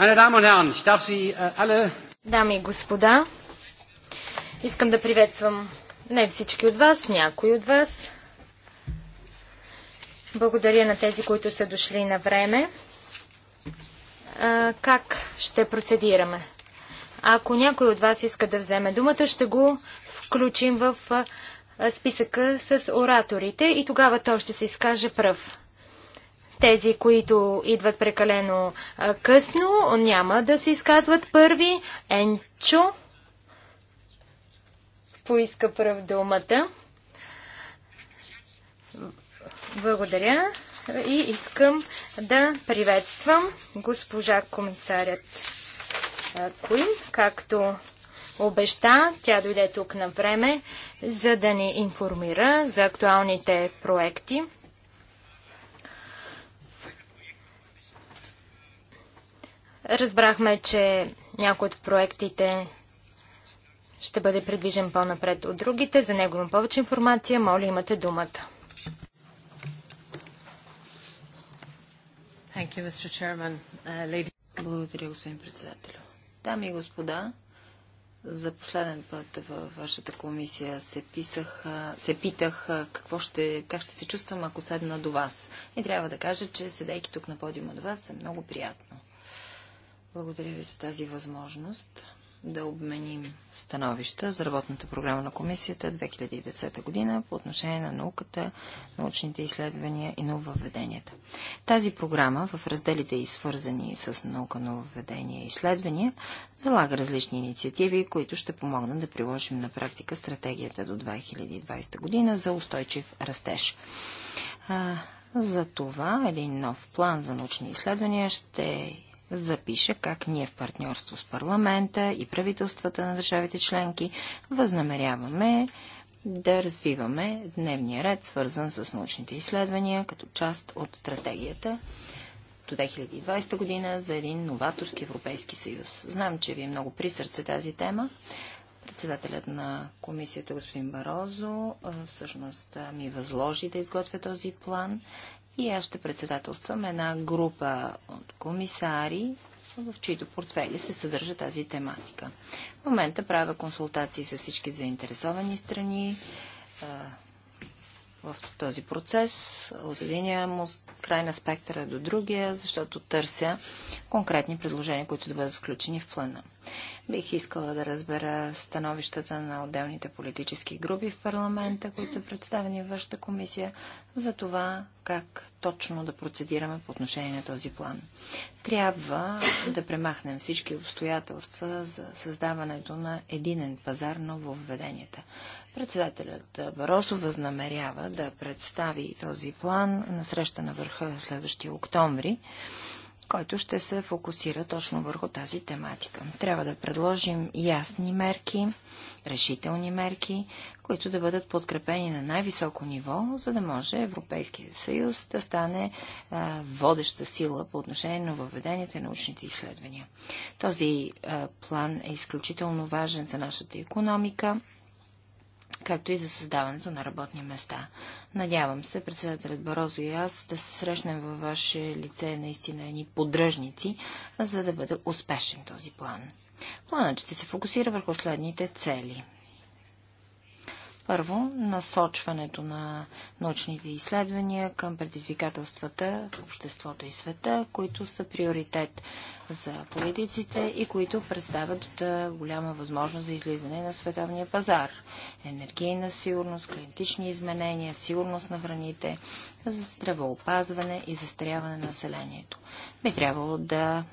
Äh, Дами и господа, искам да приветствам не всички от вас, някои от вас. Благодаря на тези, които са дошли на време. Как ще процедираме? Ако някой от вас иска да вземе думата, ще го включим в списъка с ораторите и тогава той ще се изкаже пръв. Тези, които идват прекалено късно, няма да се изказват първи. Енчо поиска прав думата. Благодаря и искам да приветствам госпожа комисарят Куин, както обеща, тя дойде тук на време, за да ни информира за актуалните проекти. Разбрахме, че някой от проектите ще бъде предвижен по-напред от другите. За него има повече информация. Моля, имате думата. Uh, Благодаря, господин председател. Дами и господа, за последен път във вашата комисия се, писах, се питах какво ще, как ще се чувствам, ако седна до вас. И трябва да кажа, че седейки тук на подиума до вас е много приятно. Благодаря ви за тази възможност да обменим становища за работната програма на комисията 2010 година по отношение на науката, научните изследвания и нововведенията. Тази програма в разделите и свързани с наука, нововведения и изследвания залага различни инициативи, които ще помогнат да приложим на практика стратегията до 2020 година за устойчив растеж. За това един нов план за научни изследвания ще запише как ние в партньорство с парламента и правителствата на държавите членки възнамеряваме да развиваме дневния ред, свързан с научните изследвания, като част от стратегията до 2020 година за един новаторски Европейски съюз. Знам, че ви е много при сърце тази тема. Председателят на комисията, господин Барозо, всъщност ми възложи да изготвя този план и аз ще председателствам една група от комисари, в чието портфели се съдържа тази тематика. В момента правя консултации с всички заинтересовани страни, в този процес от единия му край на спектъра до другия, защото търся конкретни предложения, които да бъдат включени в плана. Бих искала да разбера становищата на отделните политически групи в парламента, които са представени в вашата комисия, за това как точно да процедираме по отношение на този план. Трябва да премахнем всички обстоятелства за създаването на единен пазар на нововведенията. Председателят Баросо възнамерява да представи този план на среща на върха следващия октомври, който ще се фокусира точно върху тази тематика. Трябва да предложим ясни мерки, решителни мерки, които да бъдат подкрепени на най-високо ниво, за да може Европейския съюз да стане а, водеща сила по отношение на въведените научните изследвания. Този а, план е изключително важен за нашата економика както и за създаването на работни места. Надявам се, председателят Барозо и аз да се срещнем във ваше лице наистина едни поддръжници, за да бъде успешен този план. Планът ще се фокусира върху следните цели. Първо, насочването на научните изследвания към предизвикателствата в обществото и света, които са приоритет за политиците и които представят голяма възможност за излизане на световния пазар енергийна сигурност, климатични изменения, сигурност на храните, за здравеопазване и застаряване на населението. Би трябвало да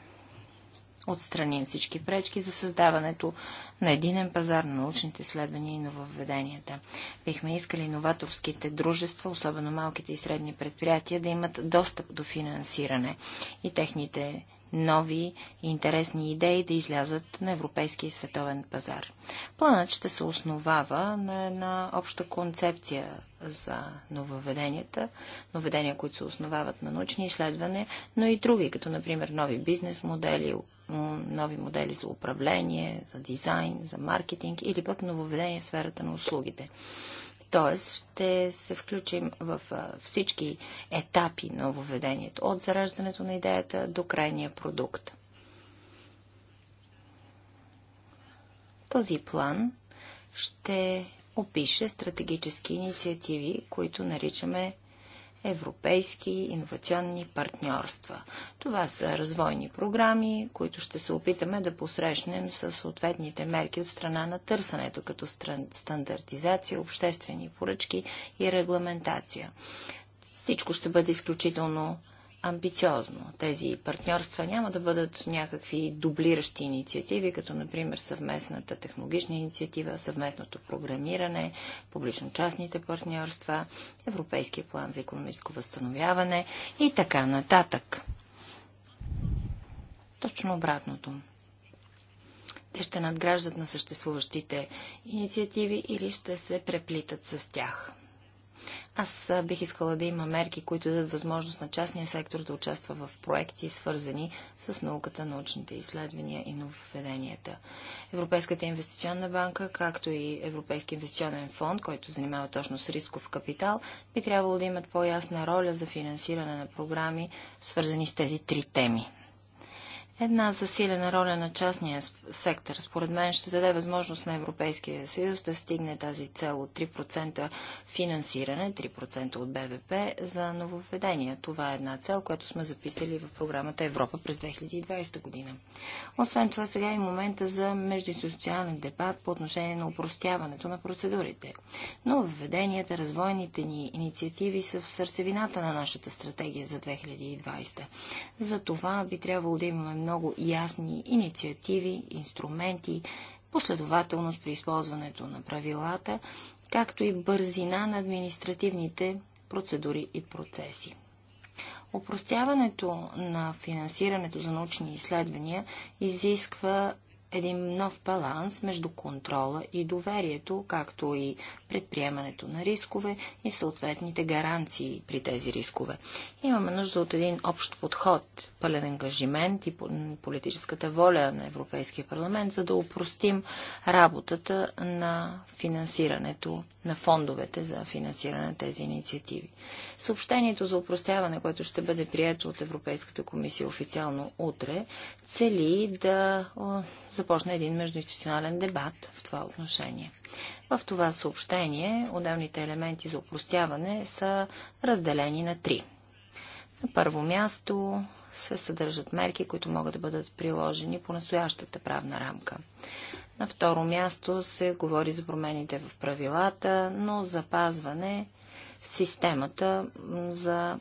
отстраним всички пречки за създаването на единен пазар на научните изследвания и нововведенията. Бихме искали новаторските дружества, особено малките и средни предприятия, да имат достъп до финансиране и техните нови интересни идеи да излязат на европейския и световен пазар. Планът ще се основава на една обща концепция за нововведенията, нововведения, които се основават на научни изследвания, но и други, като например нови бизнес модели, нови модели за управление, за дизайн, за маркетинг или пък нововведения в сферата на услугите. Т.е. ще се включим в всички етапи на въведението, от зараждането на идеята до крайния продукт. Този план ще опише стратегически инициативи, които наричаме европейски инновационни партньорства. Това са развойни програми, които ще се опитаме да посрещнем с съответните мерки от страна на търсенето, като стандартизация, обществени поръчки и регламентация. Всичко ще бъде изключително амбициозно. Тези партньорства няма да бъдат някакви дублиращи инициативи, като например съвместната технологична инициатива, съвместното програмиране, публично-частните партньорства, Европейския план за економическо възстановяване и така нататък. Точно обратното. Те ще надграждат на съществуващите инициативи или ще се преплитат с тях. Аз бих искала да има мерки, които дадат възможност на частния сектор да участва в проекти, свързани с науката, научните изследвания и нововведенията. Европейската инвестиционна банка, както и Европейски инвестиционен фонд, който занимава точно с рисков капитал, би трябвало да имат по-ясна роля за финансиране на програми, свързани с тези три теми. Една засилена роля на частния сектор, според мен, ще даде възможност на Европейския съюз да стигне тази цел от 3% финансиране, 3% от БВП за нововведения. Това е една цел, която сме записали в програмата Европа през 2020 година. Освен това, сега е момента за междусоциален дебат по отношение на упростяването на процедурите. Но введенията, развойните ни инициативи са в сърцевината на нашата стратегия за 2020. За това би трябвало да имаме много ясни инициативи, инструменти, последователност при използването на правилата, както и бързина на административните процедури и процеси. Опростяването на финансирането за научни изследвания изисква един нов баланс между контрола и доверието, както и предприемането на рискове и съответните гаранции при тези рискове. Имаме нужда от един общ подход, пълен ангажимент и политическата воля на Европейския парламент, за да упростим работата на финансирането, на фондовете за финансиране на тези инициативи. Съобщението за упростяване, което ще бъде прието от Европейската комисия официално утре, цели да започна един междуинституционален дебат в това отношение. В това съобщение отделните елементи за упростяване са разделени на три. На първо място се съдържат мерки, които могат да бъдат приложени по настоящата правна рамка. На второ място се говори за промените в правилата, но запазване системата за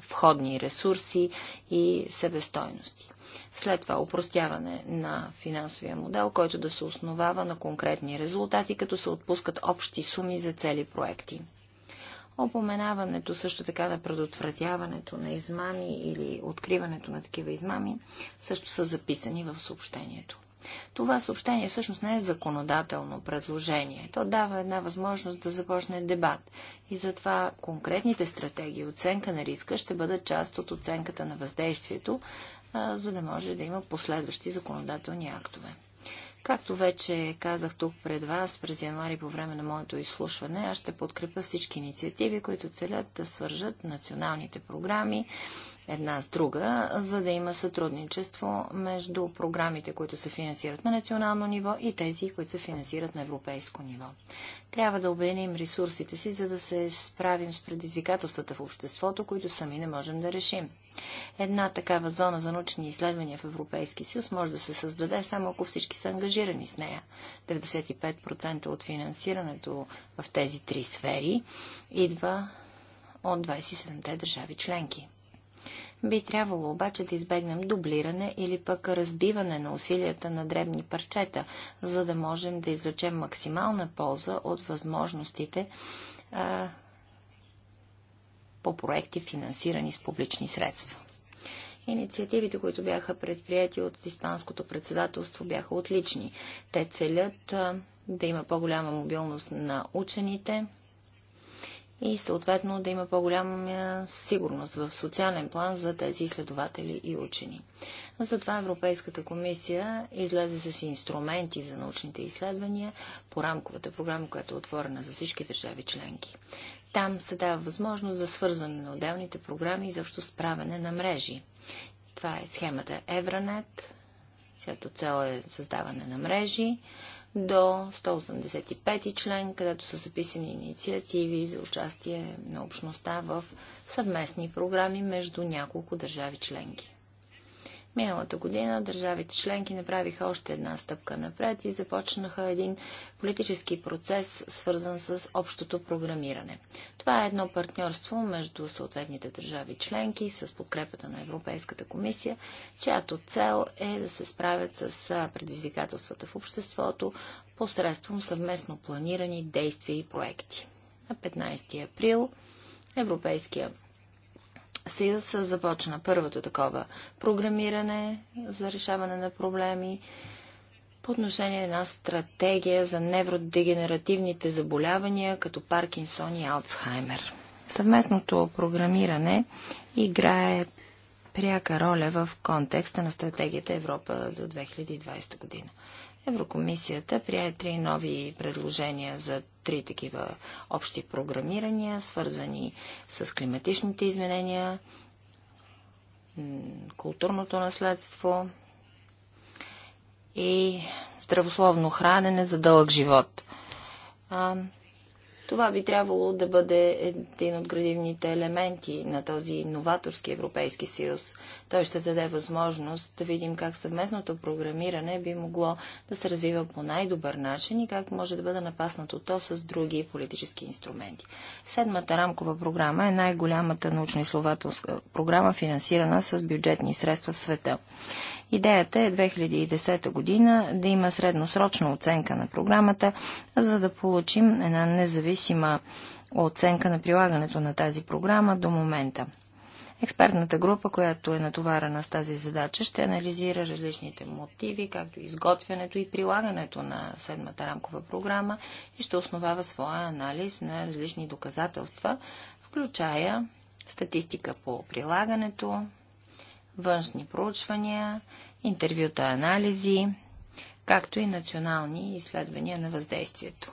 входни ресурси и себестойности. След това упростяване на финансовия модел, който да се основава на конкретни резултати, като се отпускат общи суми за цели проекти. Опоменаването също така на предотвратяването на измами или откриването на такива измами също са записани в съобщението. Това съобщение всъщност не е законодателно предложение. То дава една възможност да започне дебат. И затова конкретните стратегии, оценка на риска ще бъдат част от оценката на въздействието, а, за да може да има последващи законодателни актове. Както вече казах тук пред вас през януари по време на моето изслушване, аз ще подкрепя всички инициативи, които целят да свържат националните програми една с друга, за да има сътрудничество между програмите, които се финансират на национално ниво и тези, които се финансират на европейско ниво. Трябва да обединим ресурсите си, за да се справим с предизвикателствата в обществото, които сами не можем да решим. Една такава зона за научни изследвания в Европейски съюз може да се създаде само ако всички са ангажирани с нея. 95% от финансирането в тези три сфери идва от 27-те държави членки. Би трябвало обаче да избегнем дублиране или пък разбиване на усилията на дребни парчета, за да можем да извлечем максимална полза от възможностите а, по проекти, финансирани с публични средства. Инициативите, които бяха предприяти от Испанското председателство, бяха отлични. Те целят а, да има по-голяма мобилност на учените, и съответно да има по-голяма сигурност в социален план за тези изследователи и учени. Затова Европейската комисия излезе с инструменти за научните изследвания по рамковата програма, която е отворена за всички държави членки. Там се дава възможност за свързване на отделните програми и защо справяне на мрежи. Това е схемата Евранет, чиято цел е създаване на мрежи, до 185 член, където са записани инициативи за участие на общността в съвместни програми между няколко държави членки. Миналата година държавите членки направиха още една стъпка напред и започнаха един политически процес, свързан с общото програмиране. Това е едно партньорство между съответните държави членки с подкрепата на Европейската комисия, чиято цел е да се справят с предизвикателствата в обществото посредством съвместно планирани действия и проекти. На 15 април Европейския съюз започна първото такова програмиране за решаване на проблеми по отношение на стратегия за невродегенеративните заболявания, като Паркинсон и Алцхаймер. Съвместното програмиране играе пряка роля в контекста на стратегията Европа до 2020 година. Еврокомисията прие три нови предложения за три такива общи програмирания, свързани с климатичните изменения, културното наследство и здравословно хранене за дълъг живот. Това би трябвало да бъде един от градивните елементи на този новаторски Европейски съюз. Той ще даде възможност да видим как съвместното програмиране би могло да се развива по най-добър начин и как може да бъде напаснато то с други политически инструменти. Седмата рамкова програма е най-голямата научно-изследователска програма, финансирана с бюджетни средства в света. Идеята е 2010 година да има средносрочна оценка на програмата, за да получим една независима оценка на прилагането на тази програма до момента. Експертната група, която е натоварена с тази задача, ще анализира различните мотиви, както изготвянето и прилагането на седмата рамкова програма и ще основава своя анализ на различни доказателства, включая статистика по прилагането, външни проучвания, интервюта, анализи, както и национални изследвания на въздействието.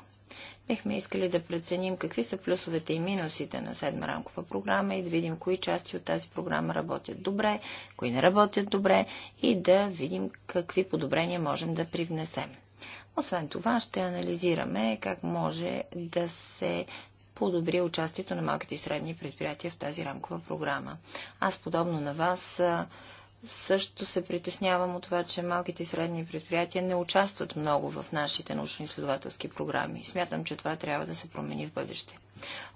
Бихме искали да преценим какви са плюсовете и минусите на седма рамкова програма и да видим кои части от тази програма работят добре, кои не работят добре и да видим какви подобрения можем да привнесем. Освен това ще анализираме как може да се подобри участието на малките и средни предприятия в тази рамкова програма. Аз, подобно на вас, също се притеснявам от това, че малките и средни предприятия не участват много в нашите научно-изследователски програми. Смятам, че това трябва да се промени в бъдеще.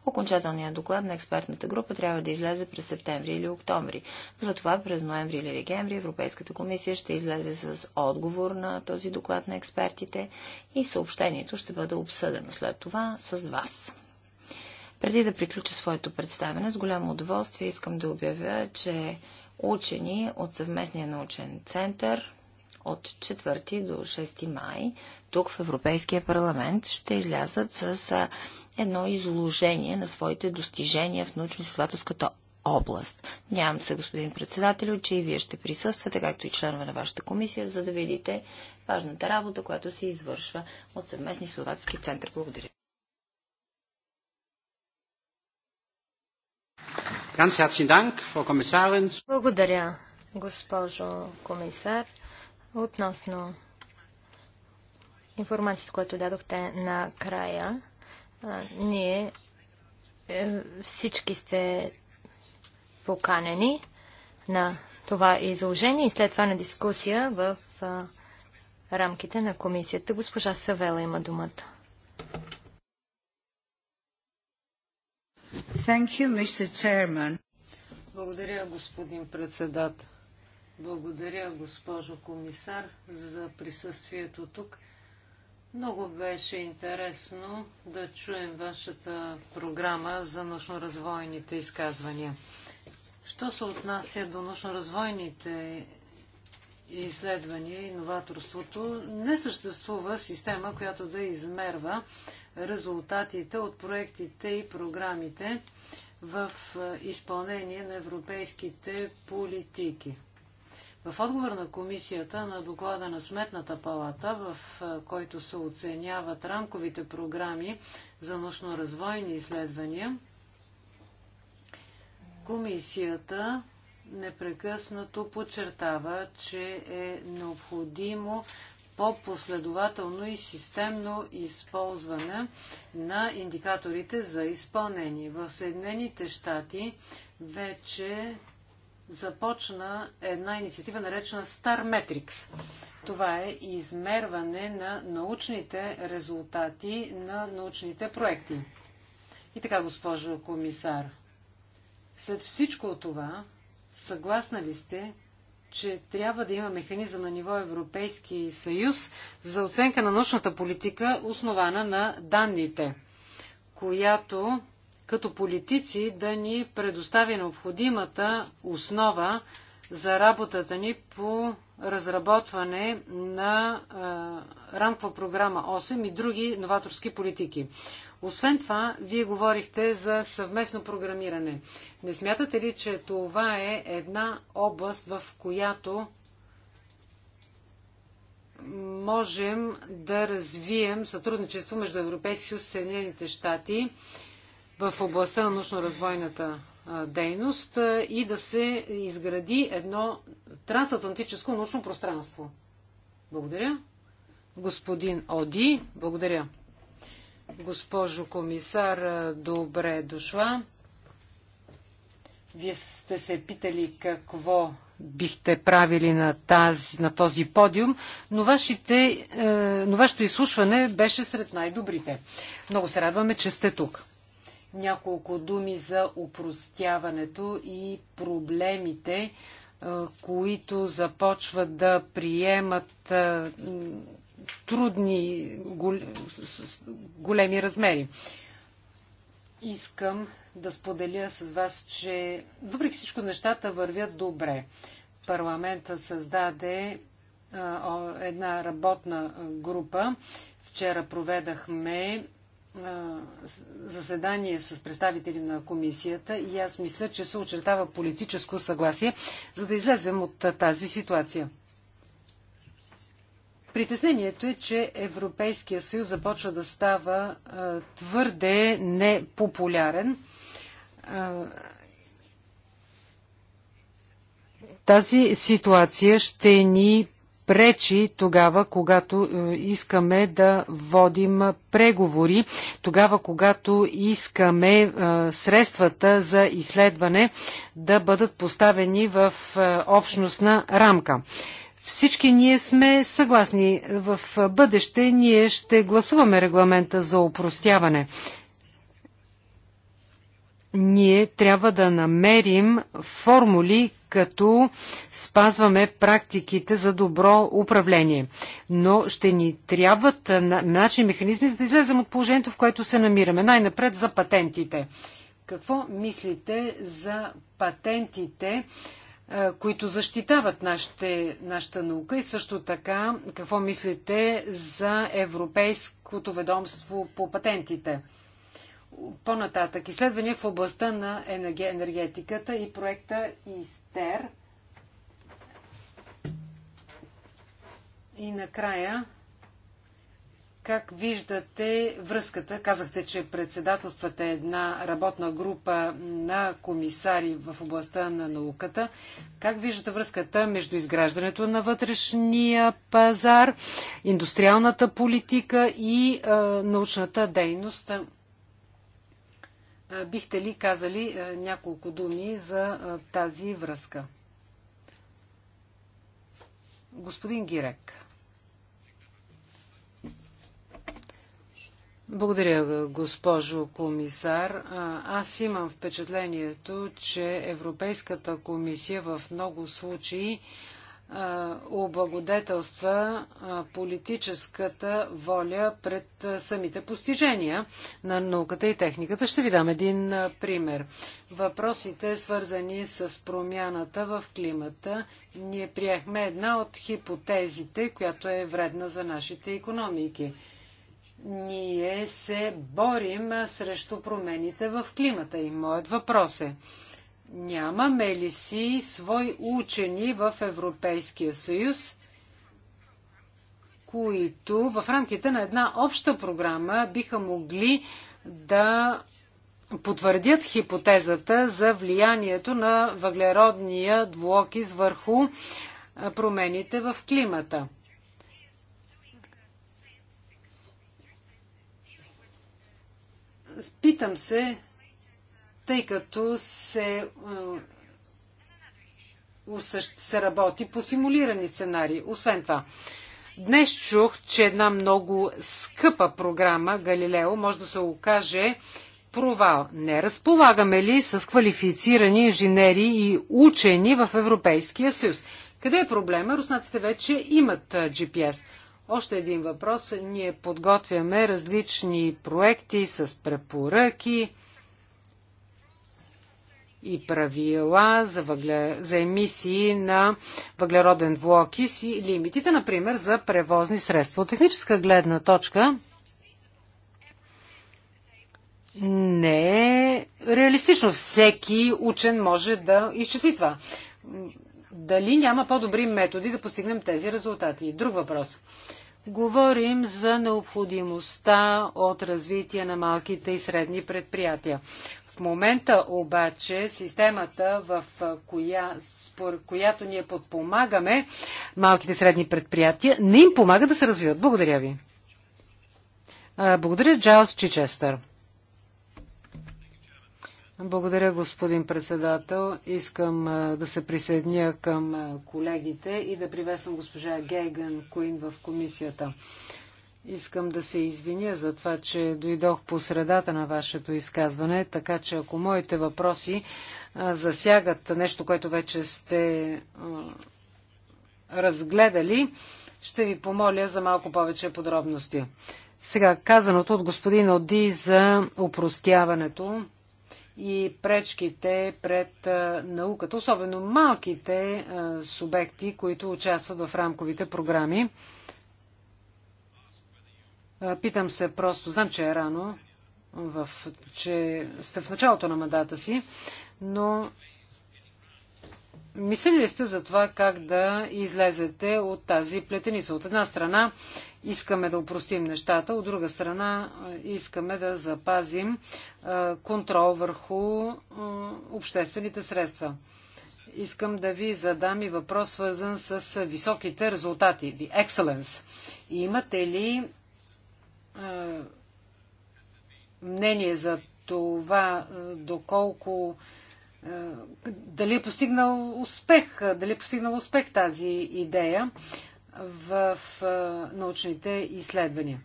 Окончателният доклад на експертната група трябва да излезе през септември или октомври. Затова през ноември или декември Европейската комисия ще излезе с отговор на този доклад на експертите и съобщението ще бъде обсъдено след това с вас. Преди да приключа своето представяне, с голямо удоволствие искам да обявя, че учени от съвместния научен център от 4 до 6 май тук в Европейския парламент ще излязат с едно изложение на своите достижения в научно-изследователската област. Нямам се, господин председател, че и вие ще присъствате, както и членове на вашата комисия, за да видите важната работа, която се извършва от съвместни изследователски център. Благодаря. Благодаря, госпожо комисар, относно информацията, която дадохте на края. Ние е, всички сте поканени на това изложение и след това на дискусия в рамките на комисията. Госпожа Савела има думата. You, Благодаря, господин председател. Благодаря, госпожо комисар, за присъствието тук. Много беше интересно да чуем вашата програма за научно-развойните изказвания. Що се отнася до научно-развойните изследвания и новаторството, не съществува система, която да измерва резултатите от проектите и програмите в изпълнение на европейските политики. В отговор на комисията на доклада на Сметната палата, в който се оценяват рамковите програми за научно-развойни изследвания, комисията непрекъснато подчертава, че е необходимо по-последователно и системно използване на индикаторите за изпълнение. В Съединените щати вече започна една инициатива, наречена Star Metrics. Това е измерване на научните резултати на научните проекти. И така, госпожо комисар, след всичко това, съгласна ли сте, че трябва да има механизъм на ниво Европейски съюз за оценка на научната политика, основана на данните, която като политици да ни предостави необходимата основа за работата ни по разработване на а, рамкова програма 8 и други новаторски политики. Освен това, вие говорихте за съвместно програмиране. Не смятате ли, че това е една област, в която можем да развием сътрудничество между Европейския съюз и Съединените щати в областта на научно-развойната дейност и да се изгради едно трансатлантическо научно пространство. Благодаря. Господин Оди, благодаря. Госпожо комисар, добре дошла. Вие сте се питали какво бихте правили на, тази, на този подиум, но, вашите, е, но вашето изслушване беше сред най-добрите. Много се радваме, че сте тук. Няколко думи за упростяването и проблемите, е, които започват да приемат е, трудни, големи размери. Искам да споделя с вас, че въпреки всичко нещата вървят добре. Парламента създаде а, една работна група. Вчера проведахме а, заседание с представители на комисията и аз мисля, че се очертава политическо съгласие, за да излезем от тази ситуация. Притеснението е, че Европейския съюз започва да става а, твърде непопулярен. А, тази ситуация ще ни пречи тогава, когато искаме да водим преговори, тогава, когато искаме средствата за изследване да бъдат поставени в общностна рамка. Всички ние сме съгласни. В бъдеще ние ще гласуваме регламента за упростяване. Ние трябва да намерим формули, като спазваме практиките за добро управление. Но ще ни трябват начин механизми, за да излезем от положението, в което се намираме. Най-напред за патентите. Какво мислите за патентите които защитават нашите, нашата наука и също така какво мислите за Европейското ведомство по патентите. По-нататък изследвания в областта на енергетиката и проекта ИСТЕР. И накрая как виждате връзката? Казахте, че председателствата е една работна група на комисари в областта на науката. Как виждате връзката между изграждането на вътрешния пазар, индустриалната политика и е, научната дейност? Е, бихте ли казали е, няколко думи за е, тази връзка? Господин Гирек. Благодаря, госпожо комисар. Аз имам впечатлението, че Европейската комисия в много случаи облагодетелства политическата воля пред самите постижения на науката и техниката. Ще ви дам един пример. Въпросите, свързани с промяната в климата, ние приехме една от хипотезите, която е вредна за нашите економики – ние се борим срещу промените в климата. И моят въпрос е, нямаме ли си свои учени в Европейския съюз, които в рамките на една обща програма биха могли да потвърдят хипотезата за влиянието на въглеродния двуокис върху промените в климата. питам се, тъй като се, е, се работи по симулирани сценарии. Освен това, днес чух, че една много скъпа програма Галилео може да се окаже провал. Не разполагаме ли с квалифицирани инженери и учени в Европейския съюз? Къде е проблема? Руснаците вече имат е, GPS. Още един въпрос. Ние подготвяме различни проекти с препоръки и правила за, въгле... за емисии на въглероден влокис и лимитите, например, за превозни средства. От техническа гледна точка не е реалистично. Всеки учен може да изчисли това дали няма по-добри методи да постигнем тези резултати? Друг въпрос. Говорим за необходимостта от развитие на малките и средни предприятия. В момента обаче системата, в коя, според която ние подпомагаме малките и средни предприятия, не им помага да се развиват. Благодаря ви. Благодаря, Джайлс Чичестър. Благодаря, господин председател. Искам да се присъединя към колегите и да приветствам госпожа Гейган Куин в комисията. Искам да се извиня за това, че дойдох по средата на вашето изказване, така че ако моите въпроси засягат нещо, което вече сте разгледали, ще ви помоля за малко повече подробности. Сега, казаното от господин Оди за упростяването и пречките пред науката, особено малките субекти, които участват в рамковите програми. Питам се просто, знам, че е рано, в, че сте в началото на мандата си, но мислили ли сте за това как да излезете от тази плетеница? От една страна искаме да упростим нещата, от друга страна е, искаме да запазим е, контрол върху е, обществените средства. Искам да ви задам и въпрос, свързан с високите резултати, the excellence. Имате ли мнение за това, доколко дали е постигнал успех, дали е постигнал успех тази идея в научните изследвания.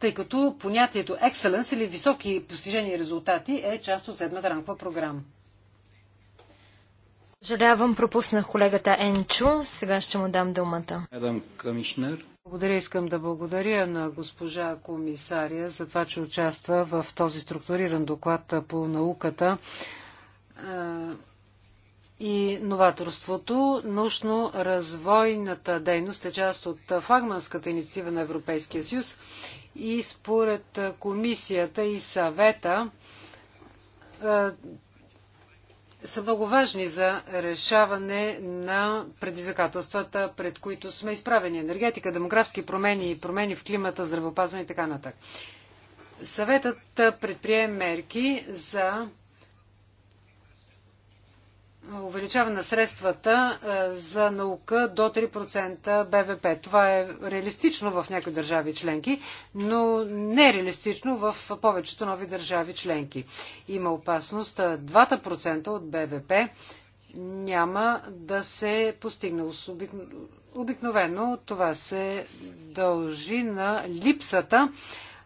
Тъй като понятието excellence или високи постижения и резултати е част от седмата рамкова програма. Съжалявам, пропуснах колегата Енчо. Сега ще му дам думата. Благодаря, искам да благодаря на госпожа комисария за това, че участва в този структуриран доклад по науката и новаторството. Научно-развойната дейност е част от флагманската инициатива на Европейския съюз и според комисията и съвета са много важни за решаване на предизвикателствата, пред които сме изправени. Енергетика, демографски промени промени в климата, здравеопазване и така нататък. Съветът предприе мерки за увеличаване на средствата е, за наука до 3% БВП. Това е реалистично в някои държави членки, но не е реалистично в повечето нови държави членки. Има опасност 2% е, от БВП няма да се постигне. Обикновено това се дължи на липсата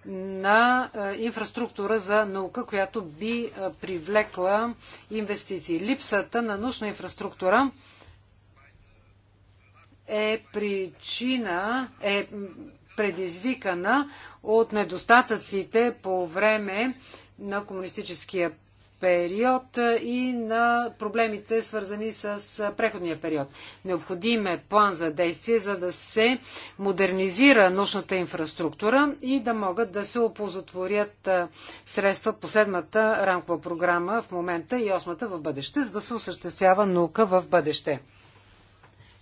на е, инфраструктура за наука, която би е, привлекла инвестиции. Липсата на научна инфраструктура е причина, е предизвикана от недостатъците по време на комунистическия период и на проблемите, свързани с преходния период. Необходим е план за действие, за да се модернизира нужната инфраструктура и да могат да се опозотворят средства по седмата рамкова програма в момента и осмата в бъдеще, за да се осъществява наука в бъдеще.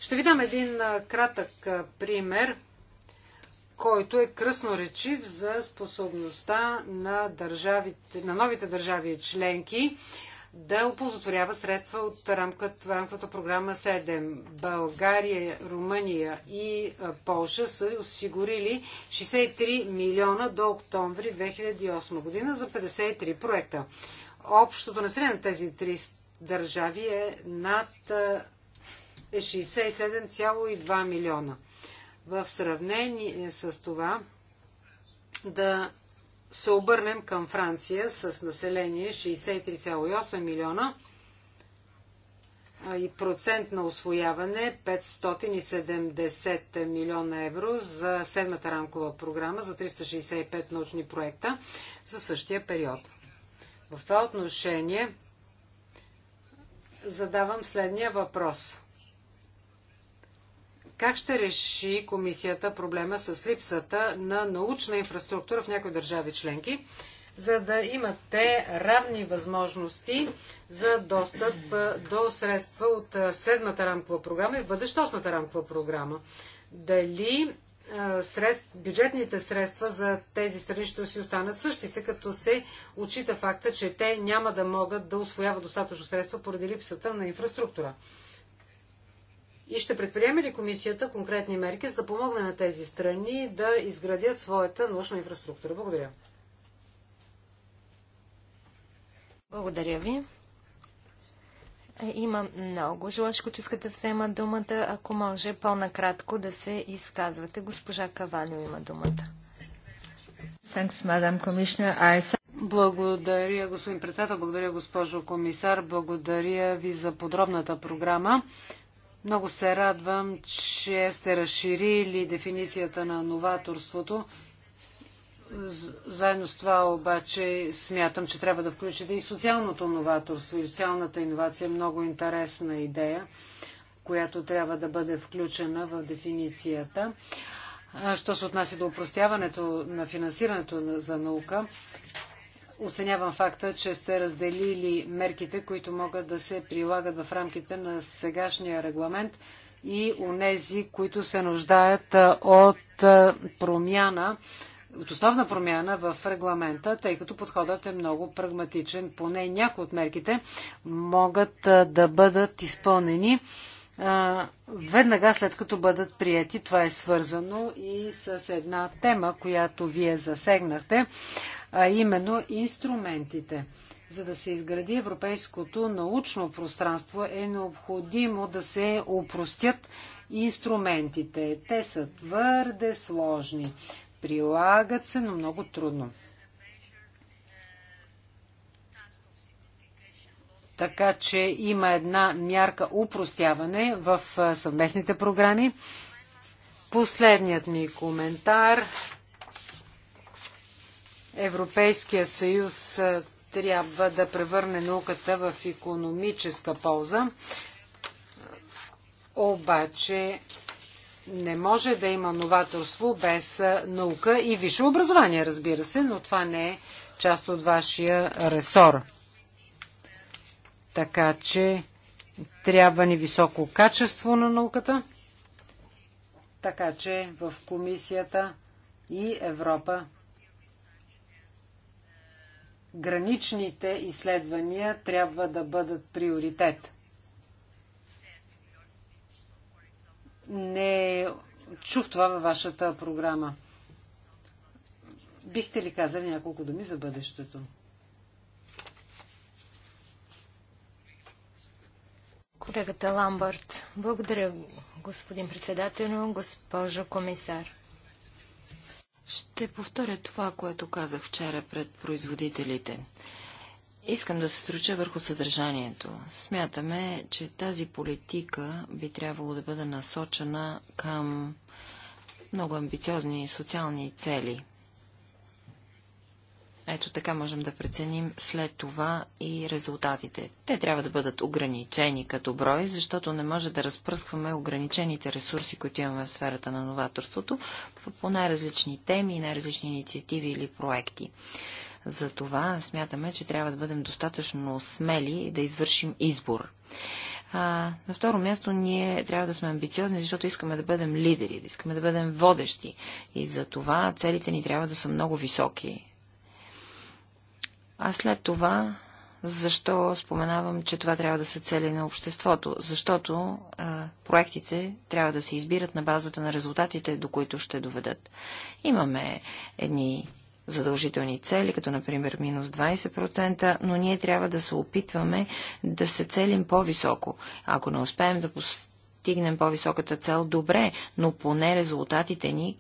Ще ви дам един кратък пример – който е кръсноречив за способността на, държавите, на новите държави и членки да оползотворява средства от рамката, рамката програма 7. България, Румъния и Полша са осигурили 63 милиона до октомври 2008 година за 53 проекта. Общото население на тези три държави е над е 67,2 милиона в сравнение с това да се обърнем към Франция с население 63,8 милиона и процент на освояване 570 милиона евро за седмата рамкова програма за 365 научни проекта за същия период. В това отношение задавам следния въпрос. Как ще реши комисията проблема с липсата на научна инфраструктура в някои държави членки, за да имате равни възможности за достъп до средства от седмата рамкова програма и бъдеща осмата рамкова програма? Дали средств, бюджетните средства за тези страни ще си останат същите, като се отчита факта, че те няма да могат да освояват достатъчно средства поради липсата на инфраструктура. И ще предприеме ли комисията конкретни мерки, за да помогне на тези страни да изградят своята научна инфраструктура? Благодаря. Благодаря ви. Има много желащи, които искат да вземат думата. Ако може по-накратко да се изказвате. Госпожа Кавалио има думата. Благодаря, господин председател. Благодаря, госпожо комисар. Благодаря ви за подробната програма. Много се радвам, че сте разширили дефиницията на новаторството. Заедно с това обаче смятам, че трябва да включите и социалното новаторство. И социалната иновация е много интересна идея, която трябва да бъде включена в дефиницията. Що се отнася до упростяването на финансирането за наука, оценявам факта, че сте разделили мерките, които могат да се прилагат в рамките на сегашния регламент и онези, които се нуждаят от промяна, от основна промяна в регламента, тъй като подходът е много прагматичен. Поне някои от мерките могат да бъдат изпълнени веднага след като бъдат прияти. Това е свързано и с една тема, която вие засегнахте, а именно инструментите. За да се изгради европейското научно пространство е необходимо да се упростят инструментите. Те са твърде сложни. Прилагат се, но много трудно. Така че има една мярка упростяване в съвместните програми. Последният ми коментар Европейския съюз трябва да превърне науката в економическа полза, обаче не може да има новаторство без наука и висше образование, разбира се, но това не е част от вашия ресор. Така че трябва ни високо качество на науката, така че в комисията и Европа граничните изследвания трябва да бъдат приоритет. Не чух това във вашата програма. Бихте ли казали няколко думи за бъдещето? Колегата Ламбард, Благодаря, господин председател, госпожо комисар. Ще повторя това, което казах вчера пред производителите. Искам да се струча върху съдържанието. Смятаме, че тази политика би трябвало да бъде насочена към много амбициозни социални цели. Ето така можем да преценим след това и резултатите. Те трябва да бъдат ограничени като брой, защото не може да разпръскваме ограничените ресурси, които имаме в сферата на новаторството по най-различни теми най-различни инициативи или проекти. Затова смятаме, че трябва да бъдем достатъчно смели да извършим избор. А, на второ място ние трябва да сме амбициозни, защото искаме да бъдем лидери, да искаме да бъдем водещи. И за това целите ни трябва да са много високи. А след това, защо споменавам, че това трябва да се цели на обществото? Защото а, проектите трябва да се избират на базата на резултатите, до които ще доведат. Имаме едни задължителни цели, като например минус 20%, но ние трябва да се опитваме да се целим по-високо. Ако не успеем да постигнем по-високата цел, добре, но поне резултатите ни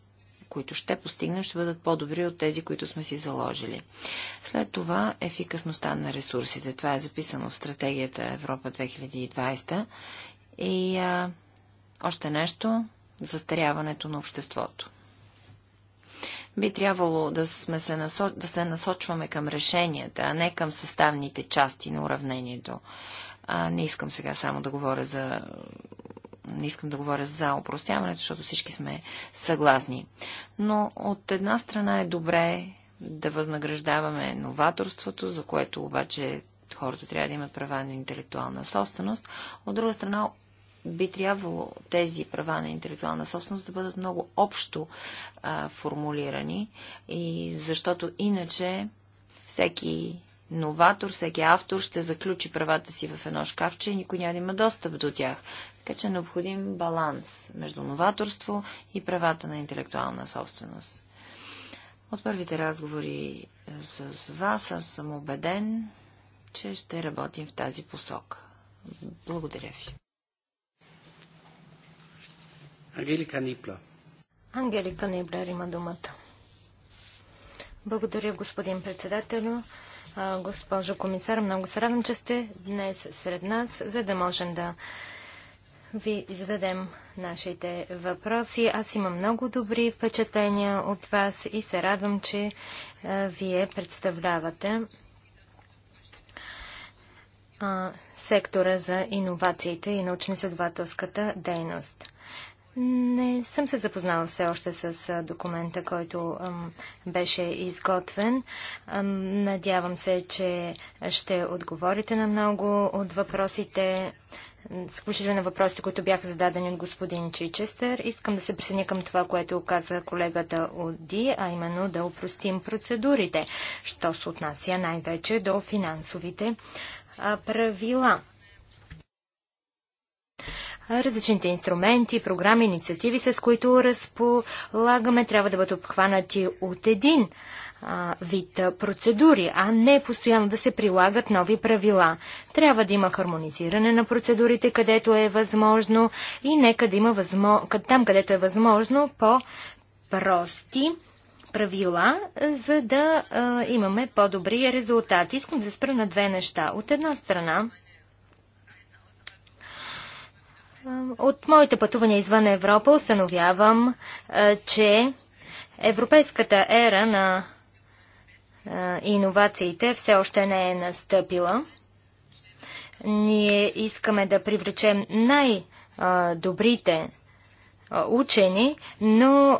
които ще постигнем, ще бъдат по-добри от тези, които сме си заложили. След това ефикасността на ресурсите. Това е записано в стратегията Европа 2020. И а, още нещо застаряването на обществото. Би трябвало да, сме се насо... да се насочваме към решенията, а не към съставните части на уравнението. А, не искам сега само да говоря за не искам да говоря за упростяването, защото всички сме съгласни. Но от една страна е добре да възнаграждаваме новаторството, за което обаче хората трябва да имат права на интелектуална собственост. От друга страна, би трябвало тези права на интелектуална собственост да бъдат много общо а, формулирани, и защото иначе всеки новатор, всеки автор ще заключи правата си в едно шкафче и никой няма да има достъп до тях. Така че е необходим баланс между новаторство и правата на интелектуална собственост. От първите разговори е, с вас аз съм убеден, че ще работим в тази посока. Благодаря ви. Ангелика Нипла. Ангелика Ниблер има думата. Благодаря, господин председател. Госпожо комисар, много се радвам, че сте днес сред нас, за да можем да ви зададем нашите въпроси. Аз имам много добри впечатления от вас и се радвам, че вие представлявате сектора за иновациите и научно-изследователската дейност. Не съм се запознала все още с документа, който ам, беше изготвен. Ам, надявам се, че ще отговорите на много от въпросите, включително на въпросите, които бяха зададени от господин Чичестър. Искам да се присъединя към това, което каза колегата Оди, а именно да упростим процедурите, що се отнася най-вече до финансовите а, правила. Различните инструменти, програми, инициативи, с които разполагаме, трябва да бъдат обхванати от един вид процедури, а не постоянно да се прилагат нови правила. Трябва да има хармонизиране на процедурите, където е възможно и нека да има възможно там, където е възможно, по-прости правила, за да а, имаме по-добри резултати. Искам да спра на две неща. От една страна, от моите пътувания извън Европа установявам, е, че европейската ера на е, иновациите все още не е настъпила. Ние искаме да привлечем най-добрите е, учени, но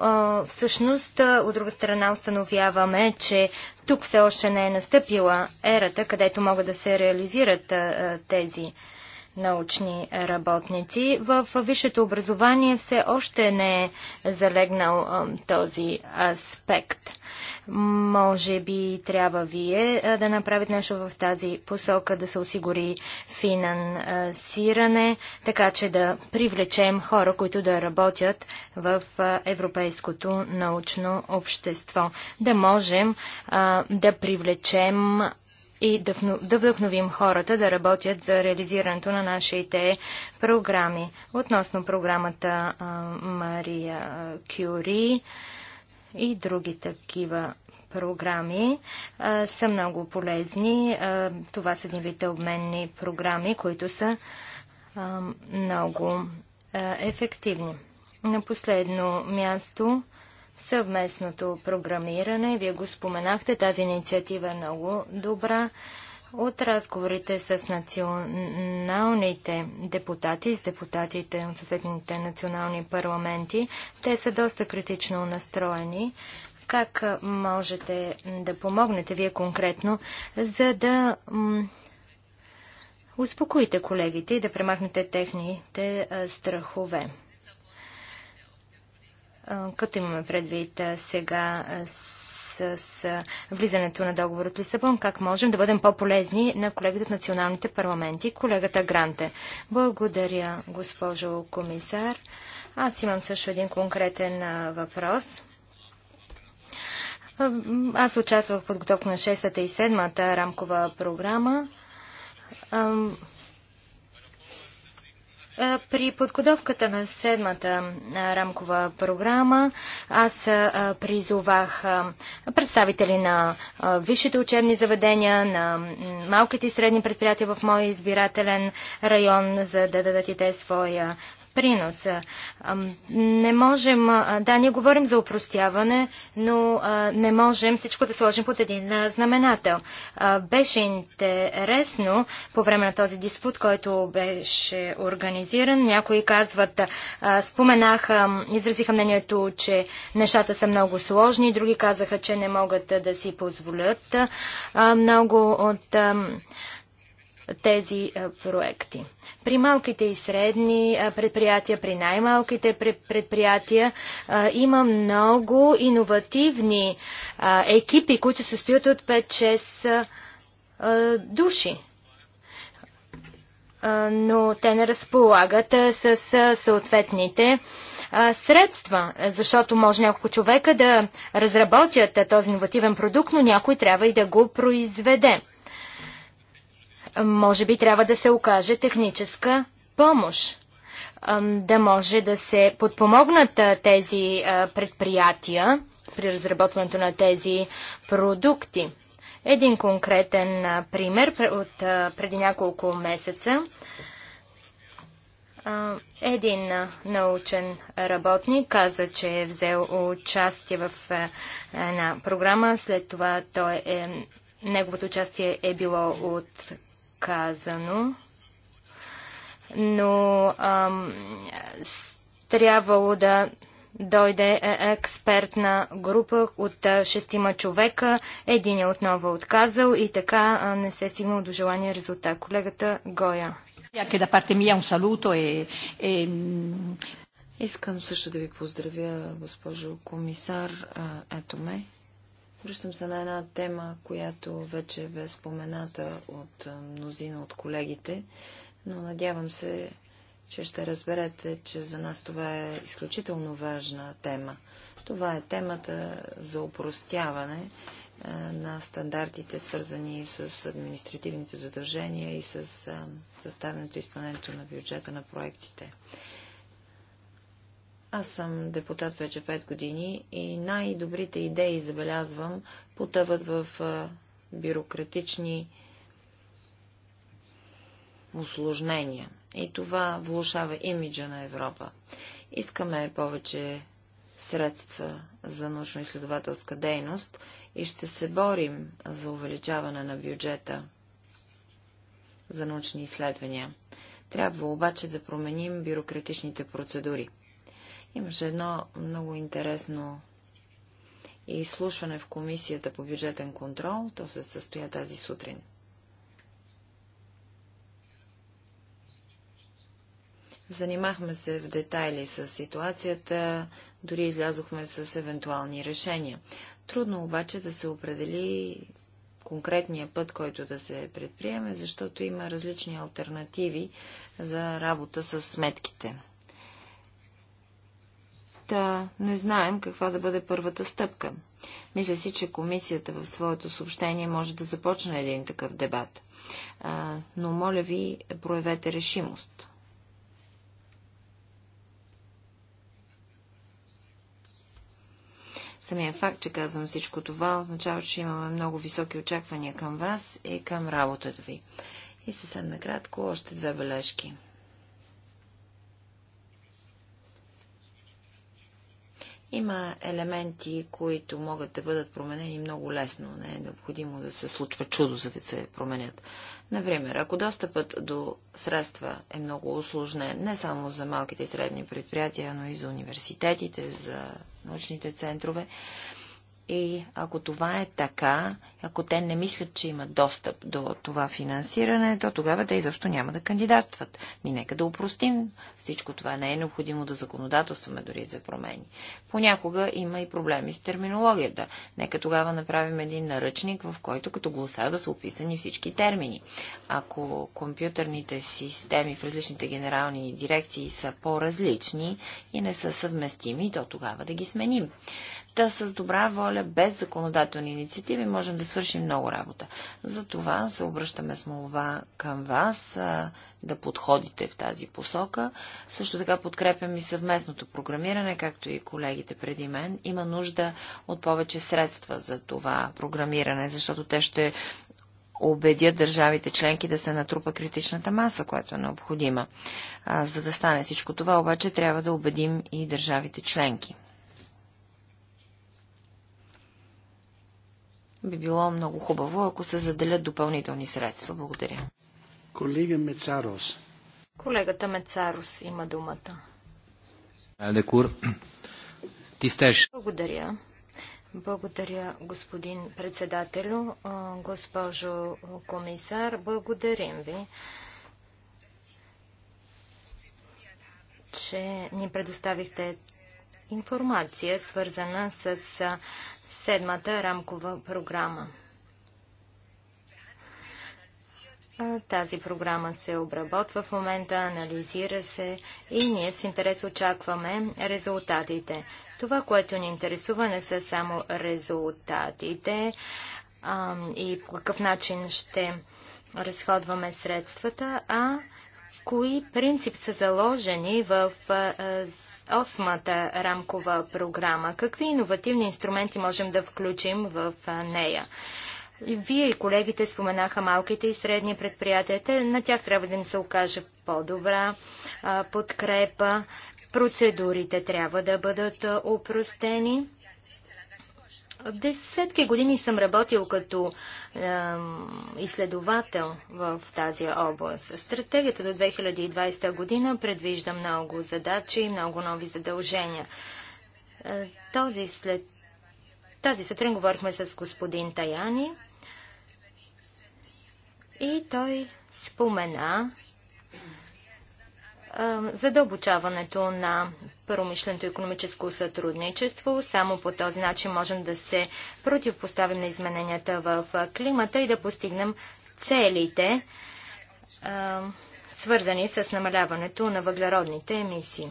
всъщност от друга страна установяваме, че тук все още не е настъпила ерата, където могат да се реализират тези научни работници. В висшето образование все още не е залегнал този аспект. Може би трябва вие да направите нещо в тази посока, да се осигури финансиране, така че да привлечем хора, които да работят в европейското научно общество. Да можем да привлечем и да вдъхновим хората да работят за реализирането на нашите програми. Относно програмата Мария Кюри и други такива програми са много полезни. това са дневите обменни програми, които са много ефективни. На последно място съвместното програмиране. Вие го споменахте, тази инициатива е много добра. От разговорите с националните депутати, с депутатите от съответните национални парламенти, те са доста критично настроени. Как можете да помогнете вие конкретно, за да успокоите колегите и да премахнете техните страхове? като имаме предвид сега с, с влизането на договор от Лисабон, как можем да бъдем по-полезни на колегите от националните парламенти. Колегата Гранте. Благодаря, госпожо комисар. Аз имам също един конкретен въпрос. Аз участвах в подготовка на 6-та и 7-та рамкова програма. При подготовката на седмата рамкова програма аз призовах представители на висшите учебни заведения, на малките и средни предприятия в моя избирателен район, за да дадат и те своя принос. Не можем, да, ние говорим за упростяване, но не можем всичко да сложим под един знаменател. Беше интересно по време на този диспут, който беше организиран. Някои казват, споменаха, изразиха мнението, че нещата са много сложни, други казаха, че не могат да си позволят много от тези проекти. При малките и средни предприятия, при най-малките предприятия има много иновативни екипи, които се стоят от 5-6 души. Но те не разполагат с съответните средства, защото може няколко човека да разработят този иновативен продукт, но някой трябва и да го произведе може би трябва да се окаже техническа помощ, да може да се подпомогнат тези предприятия при разработването на тези продукти. Един конкретен пример от преди няколко месеца. Един научен работник каза, че е взел участие в една програма, след това той е, неговото участие е било от казано, но ам, трябвало да дойде е, експертна група от шестима човека. Един е отново отказал и така не се е стигнал до желания резултат. Колегата Гоя. Е, е, Искам също да ви поздравя, госпожо комисар. Ето ме. Връщам се на една тема, която вече бе спомената от мнозина от колегите, но надявам се, че ще разберете, че за нас това е изключително важна тема. Това е темата за упростяване на стандартите, свързани с административните задължения и с съставянето и изпълнението на бюджета на проектите. Аз съм депутат вече 5 години и най-добрите идеи, забелязвам, потъват в бюрократични осложнения. И това влушава имиджа на Европа. Искаме повече средства за научно-изследователска дейност и ще се борим за увеличаване на бюджета за научни изследвания. Трябва обаче да променим бюрократичните процедури. Имаше едно много интересно изслушване в Комисията по бюджетен контрол. То се състоя тази сутрин. Занимахме се в детайли с ситуацията, дори излязохме с евентуални решения. Трудно обаче да се определи конкретния път, който да се предприеме, защото има различни альтернативи за работа с сметките. Та не знаем каква да бъде първата стъпка. Мисля си, че комисията в своето съобщение може да започне един такъв дебат. А, но моля ви, проявете решимост. Самия факт, че казвам всичко това, означава, че имаме много високи очаквания към вас и към работата ви. И съвсем накратко още две бележки. Има елементи, които могат да бъдат променени много лесно. Не е необходимо да се случва чудо, за да се променят. Например, ако достъпът до средства е много осложнен, не само за малките и средни предприятия, но и за университетите, за научните центрове, и ако това е така, ако те не мислят, че имат достъп до това финансиране, то тогава те изобщо няма да кандидатстват. Ми нека да упростим всичко това. Не е необходимо да законодателстваме дори за промени. Понякога има и проблеми с терминологията. Нека тогава направим един наръчник, в който като гласа да са описани всички термини. Ако компютърните системи в различните генерални дирекции са по-различни и не са съвместими, то тогава да ги сменим. Та с добра воля, без законодателни инициативи, можем да свършим много работа. Затова се обръщаме с молва към вас да подходите в тази посока. Също така подкрепям и съвместното програмиране, както и колегите преди мен. Има нужда от повече средства за това програмиране, защото те ще убедят държавите членки да се натрупа критичната маса, която е необходима. за да стане всичко това, обаче трябва да убедим и държавите членки. би било много хубаво, ако се заделят допълнителни средства. Благодаря. Колега Мецарос. Колегата Мецарос има думата. Декур. Ти стеш. Благодаря. Благодаря, господин председателю, госпожо комисар. Благодарим ви, че ни предоставихте информация, свързана с седмата рамкова програма. Тази програма се обработва в момента, анализира се и ние с интерес очакваме резултатите. Това, което ни интересува, не са само резултатите а, и по какъв начин ще разходваме средствата, а кои принцип са заложени в осмата рамкова програма? Какви иновативни инструменти можем да включим в нея? Вие и колегите споменаха малките и средни предприятия. На тях трябва да им се окаже по-добра подкрепа. Процедурите трябва да бъдат опростени. Десетки години съм работил като е, изследовател в тази област. Стратегията до 2020 година предвижда много задачи и много нови задължения. Е, този след... Тази сутрин говорихме с господин Таяни и той спомена задълбочаването на промишленото економическо сътрудничество. Само по този начин можем да се противопоставим на измененията в климата и да постигнем целите, свързани с намаляването на въглеродните емисии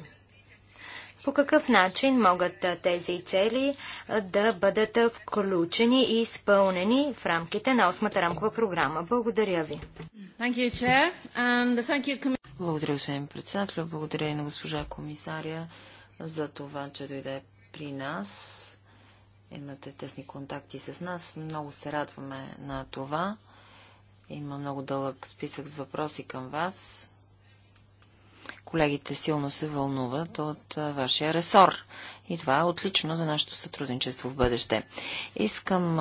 по какъв начин могат тези цели да бъдат включени и изпълнени в рамките на 8-та рамкова програма. Благодаря ви. Благодаря, господин председател. Благодаря и на госпожа комисаря за това, че дойде при нас. Имате тесни контакти с нас. Много се радваме на това. Има много дълъг списък с въпроси към вас. Колегите силно се вълнуват от вашия ресор. И това е отлично за нашето сътрудничество в бъдеще. Искам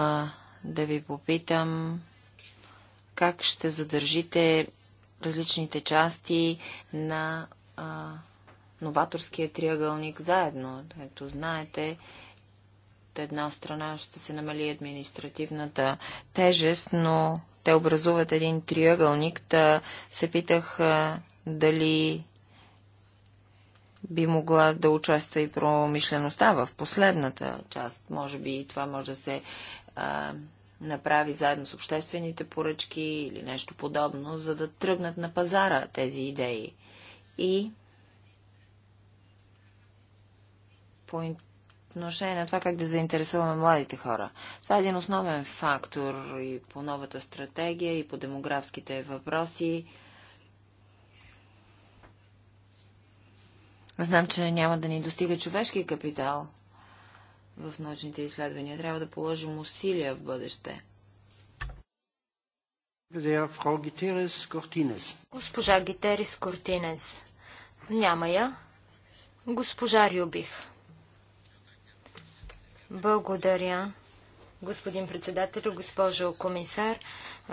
да ви попитам как ще задържите различните части на а, новаторския триъгълник заедно. Ето, знаете, от една страна ще се намали административната тежест, но те образуват един триъгълник. Та се питах а, дали би могла да участва и промишлеността в последната част. Може би това може да се а, направи заедно с обществените поръчки или нещо подобно, за да тръгнат на пазара тези идеи. И по отношение на това как да заинтересуваме младите хора. Това е един основен фактор и по новата стратегия, и по демографските въпроси. Знам, че няма да ни достига човешки капитал в научните изследвания. Трябва да положим усилия в бъдеще. Госпожа Гитерис Кортинес. Няма я. Госпожа Рюбих. Благодаря господин председател, госпожо комисар.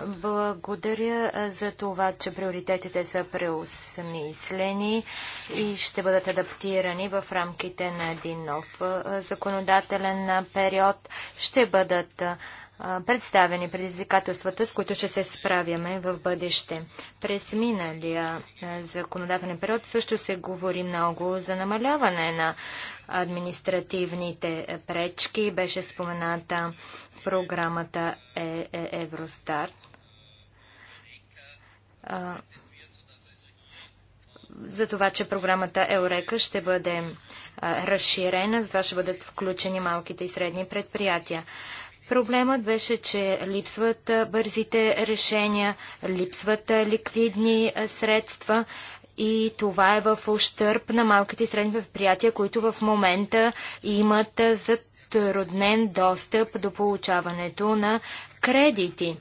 Благодаря за това, че приоритетите са преосмислени и ще бъдат адаптирани в рамките на един нов законодателен период. Ще бъдат представени предизвикателствата, с които ще се справяме в бъдеще. През миналия законодателен период също се говори много за намаляване на административните е, пречки. Беше спомената програмата е, е, Евростар. За това, че програмата Еурека ще бъде разширена, за това ще бъдат включени малките и средни предприятия. Проблемът беше, че липсват бързите решения, липсват ликвидни средства и това е в ощърп на малките и средни предприятия, които в момента имат затруднен достъп до получаването на кредити.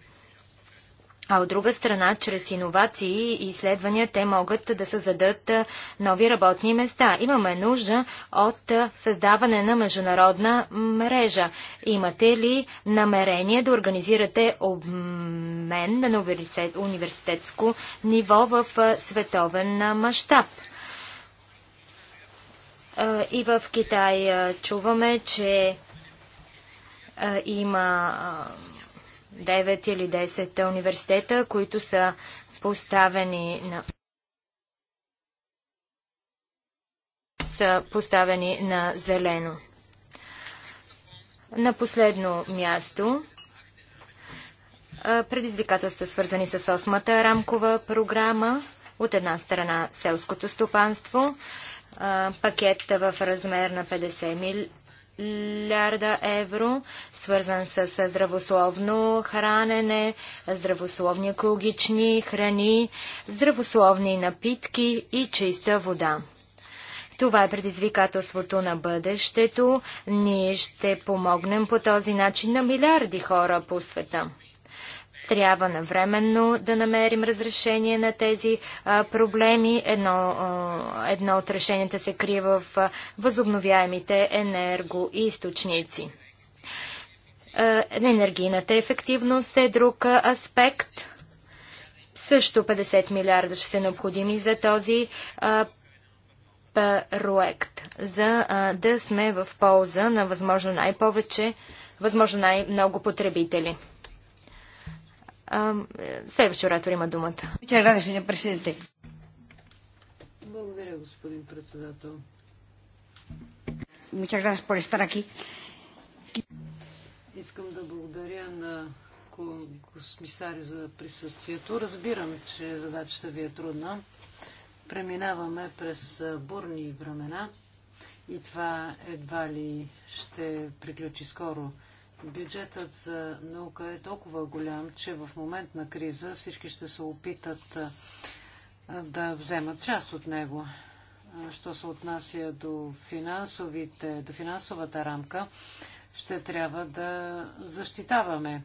А от друга страна, чрез иновации и изследвания те могат да създадат нови работни места. Имаме нужда от създаване на международна мрежа. Имате ли намерение да организирате обмен на университетско ниво в световен мащаб? И в Китай чуваме, че има 9 или 10 университета, които са поставени на са поставени на зелено. На последно място предизвикателства свързани с осмата рамкова програма. От една страна селското стопанство, пакет в размер на 50 мили милиарда евро, свързан с здравословно хранене, здравословни екологични храни, здравословни напитки и чиста вода. Това е предизвикателството на бъдещето. Ние ще помогнем по този начин на милиарди хора по света. Трябва навременно да намерим разрешение на тези проблеми. Едно, едно от решенията се крие в възобновяемите енергоисточници. Енергийната ефективност е друг аспект. Също 50 милиарда ще са необходими за този а, проект, за а, да сме в полза на възможно най-повече, възможно най-много потребители. Следващия оратор има думата. Благодаря, господин председател. Искам да благодаря на комисаря за присъствието. Разбирам, че задачата ви е трудна. Преминаваме през бурни времена и това едва ли ще приключи скоро. Бюджетът за наука е толкова голям, че в момент на криза всички ще се опитат да вземат част от него. Що се отнася до, финансовите, до финансовата рамка, ще трябва да защитаваме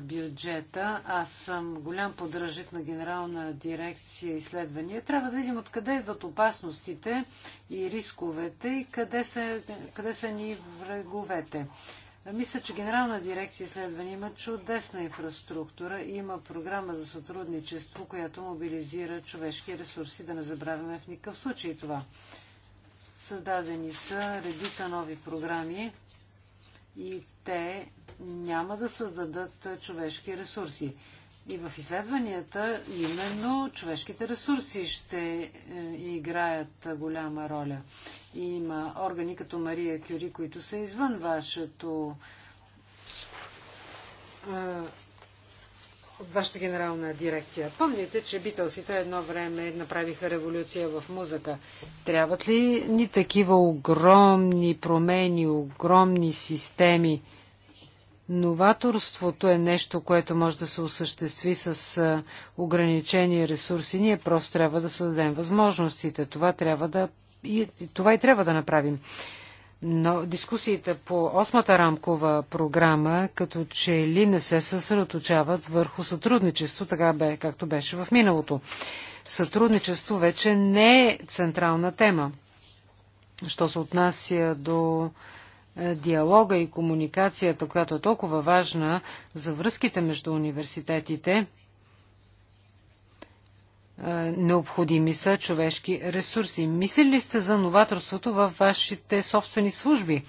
бюджета. Аз съм голям поддръжник на Генерална дирекция изследвания. Трябва да видим откъде идват опасностите и рисковете и къде са, къде са ни враговете. Мисля, че Генерална дирекция изследвания има чудесна инфраструктура и има програма за сътрудничество, която мобилизира човешки ресурси, да не забравяме в никакъв случай това. Създадени са редица нови програми и те няма да създадат човешки ресурси. И в изследванията именно човешките ресурси ще е, играят голяма роля. И има органи като Мария Кюри, които са извън вашето е, вашата генерална дирекция. Помните, че битълсите едно време направиха революция в музика. Трябват ли ни такива огромни промени, огромни системи? Новаторството е нещо, което може да се осъществи с ограничени ресурси. Ние просто трябва да създадем възможностите. Това трябва да и, това и трябва да направим. Но дискусиите по осмата рамкова програма като че ли не се съсредоточават върху сътрудничество, така бе, както беше в миналото. Сътрудничество вече не е централна тема. Що се отнася до е, диалога и комуникацията, която е толкова важна за връзките между университетите, е, необходими са човешки ресурси. Мислили сте за новаторството във вашите собствени служби,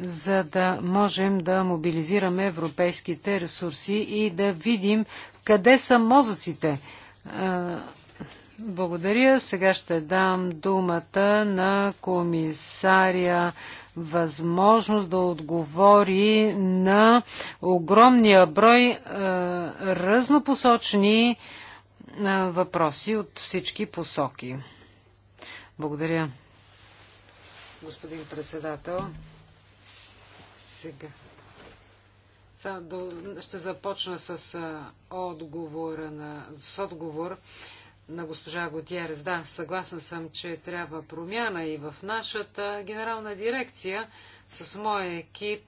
за да можем да мобилизираме европейските ресурси и да видим къде са мозъците. Е, благодаря. Сега ще дам думата на комисаря възможност да отговори на огромния брой е, разнопосочни е, въпроси от всички посоки. Благодаря, господин председател. Сега. Ще започна с, е, отговора на, с отговор на госпожа Готиерес. Да, съгласен съм, че трябва промяна и в нашата генерална дирекция. С моя екип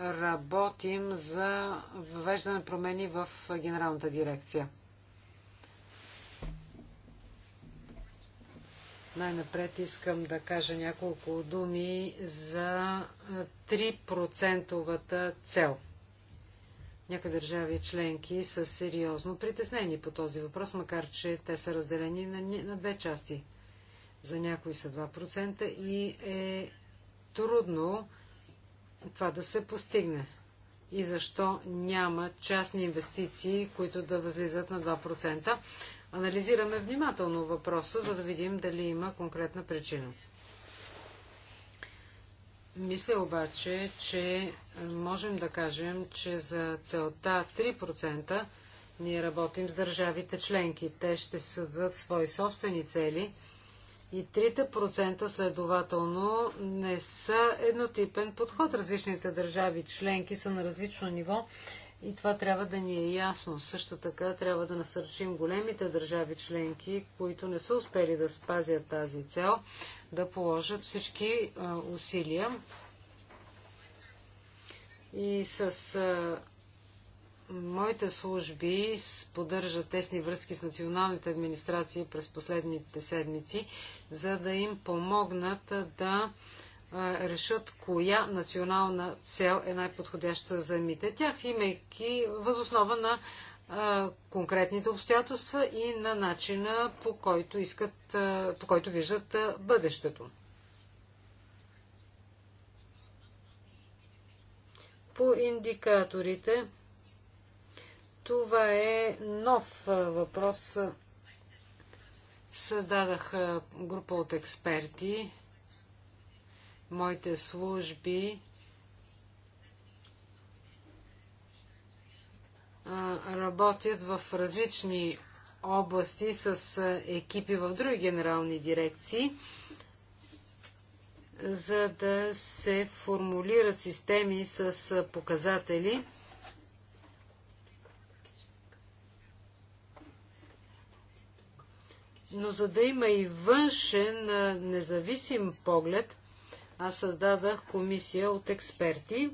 работим за въвеждане промени в генералната дирекция. Най-напред искам да кажа няколко думи за 3 цел. Някои държави членки са сериозно притеснени по този въпрос, макар че те са разделени на, на две части. За някои са 2% и е трудно това да се постигне. И защо няма частни инвестиции, които да възлизат на 2%? Анализираме внимателно въпроса, за да видим дали има конкретна причина. Мисля обаче, че можем да кажем, че за целта 3% ние работим с държавите членки. Те ще създадат свои собствени цели и 3% следователно не са еднотипен подход. Различните държави членки са на различно ниво и това трябва да ни е ясно. Също така трябва да насърчим големите държави членки, които не са успели да спазят тази цел, да положат всички а, усилия. И с а, моите служби поддържат тесни връзки с националните администрации през последните седмици, за да им помогнат да решат коя национална цел е най-подходяща за мите тях, имайки възоснова на конкретните обстоятелства и на начина по който искат, по който виждат бъдещето. По индикаторите, това е нов въпрос. Създадах група от експерти, моите служби работят в различни области с екипи в други генерални дирекции, за да се формулират системи с показатели, но за да има и външен независим поглед, аз създадах комисия от експерти.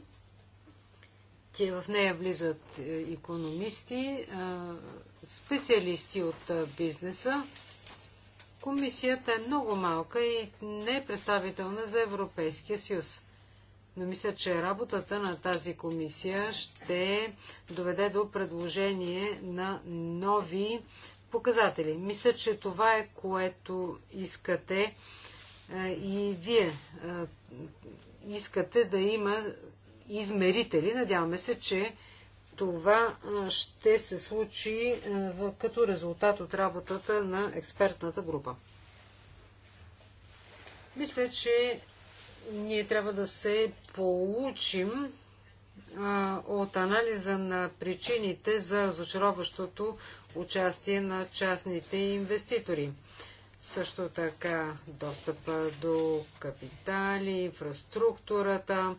Те в нея влизат економисти, е, специалисти от е, бизнеса. Комисията е много малка и не е представителна за Европейския съюз. Но мисля, че работата на тази комисия ще доведе до предложение на нови показатели. Мисля, че това е което искате е, и вие искате да има измерители. Надяваме се, че това ще се случи като резултат от работата на експертната група. Мисля, че ние трябва да се получим от анализа на причините за разочароващото участие на частните инвеститори. Също така достъпа до капитали, инфраструктурата,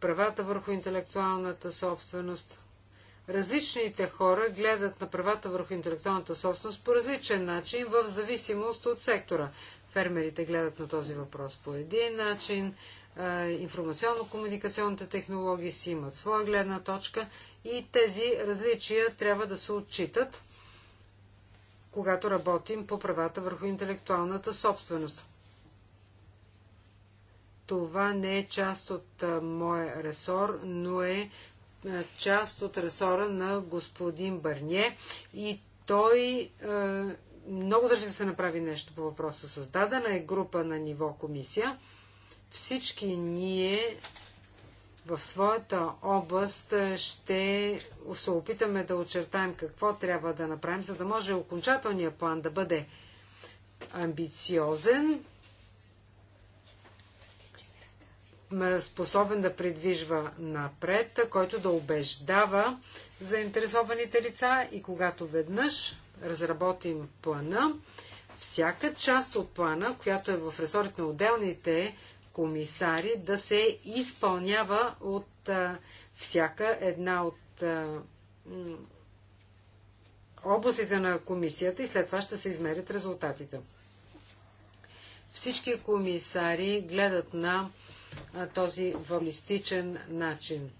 правата върху интелектуалната собственост. Различните хора гледат на правата върху интелектуалната собственост по различен начин, в зависимост от сектора. Фермерите гледат на този въпрос по един начин, информационно-комуникационните технологии си имат своя гледна точка и тези различия трябва да се отчитат когато работим по правата върху интелектуалната собственост. Това не е част от а, моя ресор, но е а, част от ресора на господин Бърне и той а, много държи да се направи нещо по въпроса. Създадена е група на ниво комисия. Всички ние в своята област е, ще се опитаме да очертаем какво трябва да направим, за да може окончателният план да бъде амбициозен, способен да предвижва напред, който да убеждава заинтересованите лица и когато веднъж разработим плана, всяка част от плана, която е в ресорите на отделните комисари да се изпълнява от а, всяка една от а, областите на комисията и след това ще се измерят резултатите. Всички комисари гледат на а, този валистичен начин.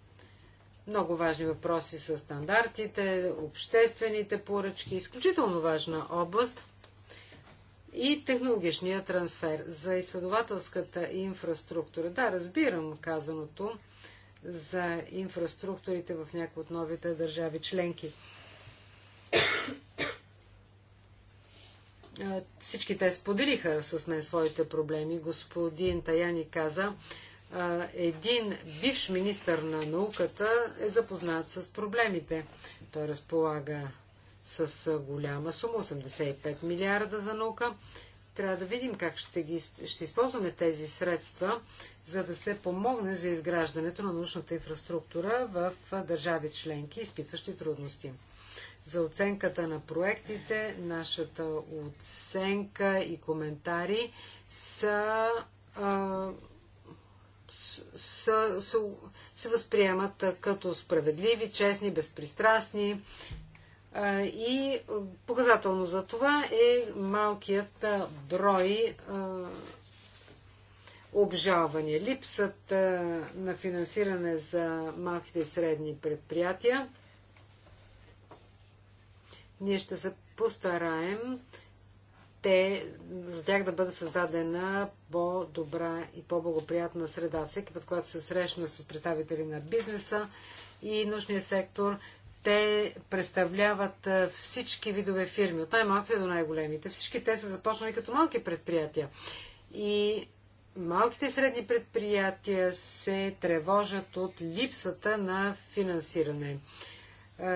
Много важни въпроси са стандартите, обществените поръчки, изключително важна област – и технологичния трансфер. За изследователската инфраструктура. Да, разбирам казаното за инфраструктурите в някои от новите държави членки. Всички те споделиха с мен своите проблеми. Господин Таяни каза, един бивш министър на науката е запознат с проблемите. Той разполага с голяма сума, 85 милиарда за наука. Трябва да видим как ще, ги, ще използваме тези средства, за да се помогне за изграждането на научната инфраструктура в държави членки, изпитващи трудности. За оценката на проектите, нашата оценка и коментари са, а, с, са, са, се възприемат като справедливи, честни, безпристрастни и показателно за това е малкият брой обжалвания. Липсата на финансиране за малките и средни предприятия. Ние ще се постараем те, за тях да бъде създадена по-добра и по-благоприятна среда. Всеки път, когато се срещна с представители на бизнеса и научния сектор, те представляват всички видове фирми, от най-малките до най-големите. Всички те са започнали като малки предприятия. И малките и средни предприятия се тревожат от липсата на финансиране.